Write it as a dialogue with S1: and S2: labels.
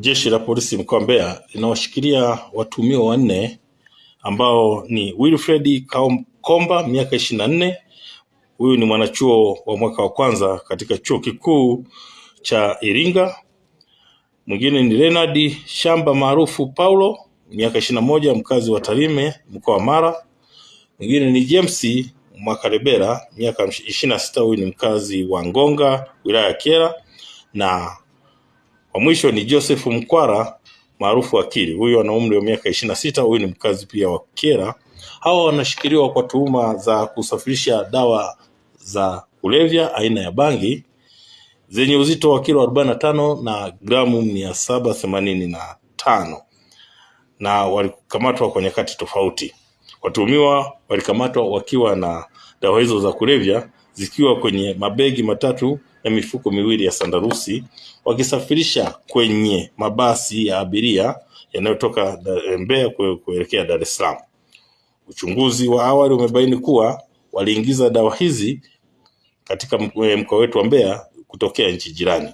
S1: jeshi la polisi mkoa wa Mbeya linawashikilia watuhumiwa wanne ambao ni Wilfred Komba miaka ishirini na nne. Huyu ni mwanachuo wa mwaka wa kwanza katika chuo kikuu cha Iringa. Mwingine ni Leonard Shamba maarufu Paulo miaka ishirini na moja, mkazi wa Tarime mkoa wa Mara. Mwingine ni James Mwakarebera miaka ishirini na sita, huyu ni mkazi wa Ngonga wilaya ya Kyela na wa mwisho ni Joseph Mkwara maarufu Akili, huyu ana umri wa miaka ishirini na sita. Huyu ni mkazi pia wa kera Hawa wanashikiliwa kwa tuhuma za kusafirisha dawa za kulevya aina ya bangi zenye uzito wa kilo 45 na gramu mia na tano na walikamatwa kwa nyakati tofauti. Watuhumiwa walikamatwa wakiwa na dawa hizo za kulevya zikiwa kwenye mabegi matatu na mifuko miwili ya sandarusi, wakisafirisha kwenye mabasi ya abiria yanayotoka eh, Mbeya kuelekea Dar es Salaam. Uchunguzi wa awali umebaini kuwa waliingiza dawa hizi katika eh, mkoa wetu wa Mbeya kutokea nchi jirani.